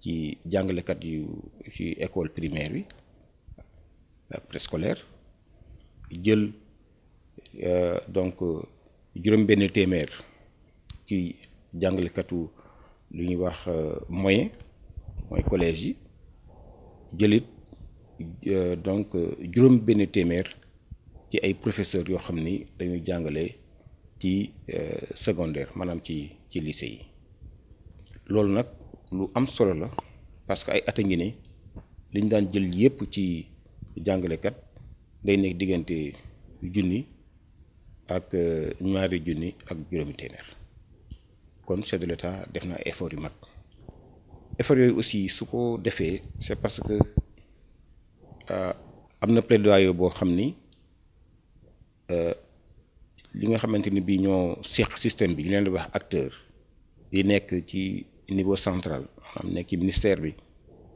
ci jàngalekat cadre ci école primaire préscolaire. ak préscolaire jël euh, donc juróom-benn téeméer ci jàngalekatu lu ñuy wax euh, moyen mooy collège yi euh, donc juróom-benn téeméer ci ay professeurs yoo xam ni dañuy euh, secondaire madame ci ci lycée yi lu am solo la parce que ay at a ngi ne li daan jël yépp ci kat day nekk diggante junni ak euh, ñaari junni ak juróomi téeméer kon chef de l'État def na effort yu mag effort yooyu aussi su ko defee c'est parce que euh, am na plaidoyer boo xam ni euh, li nga xamante ni bii ñoo seq système bi ñu leen di wax acteur yi nekk ci niveau central maanaam nekk ministère bi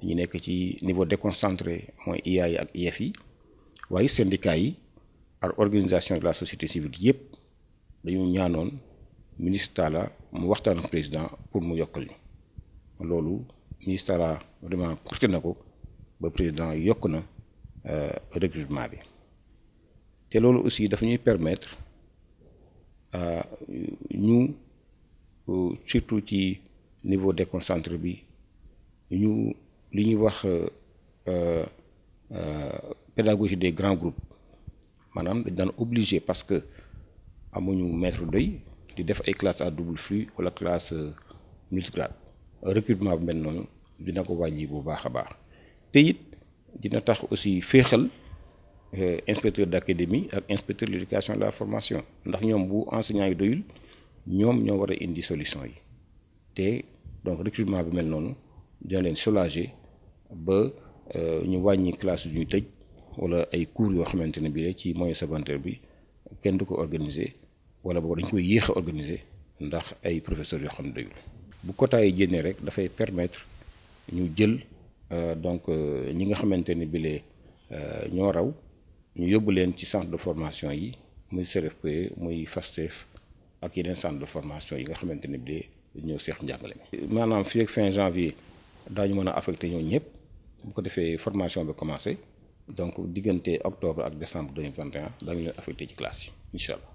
ñu nekk ci niveau déconcentré mooy IA et ak IEF yi syndicats syndicat yi ak organisation de la société civile yëpp dañu ñaanoon ministre ministère mu waxtaan président pour mu yokkal ñu Le ministre vraiment porté nako le président yokk euh recrutement bi té loolu aussi dafa ñuy permettre euh, ñu euh, surtout ci niveau déconcentré bi ñu li ñuy wax euh, euh, euh, pédagogie des grands groupes manam dañ dan obligé parce que amuñu maître doy di def ay classe à double flux wala classe multigrade recrutement ben mel dina ko wàññi bu baaxa baax té it dina tax aussi féexal inspecteur d'académie ak inspecteur de l'éducation et de la formation ndax ñom bu enseignant yi doyul ñom ñoo wara indi solution yi donc recrutement bi mel noonu dina len soulager ba euh, ñu wañi classe yu ñu tëj wala ay cours yo xamante bi bii ci moyen secondaire bi kenn duko organiser wala boobu dañ koy yéex organiser ndax ay professeurs yo xam ne bu quota yi génnee rek fay permettre ñu jël euh, donc euh, ñi nga xamante bi bii ñoo raw ñu yóbbu leen ci centre de formation yi muy CRFPE muy FASTEF ak yeneen centre de formation yi nga xamante bi bii ñëw Cheikh njàngale manam fi ak fin janvier dañu mën a affecté ñoo ñëpp bu ko défé formation bi commencé donc diggante octobre ak décembre 2021 dañu leen affecté ci classe yi incha